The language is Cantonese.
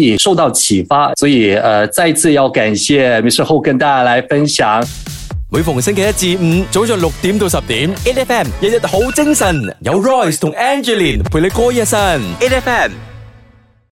以受到啟發，所以，呃，再次要感謝 Mr Ho 跟大家來分享每。res 每逢星期一至五早上六點到十點 Eight FM 日日好精神，有 Royce 同 Angeline 陪你過一生。Eight FM。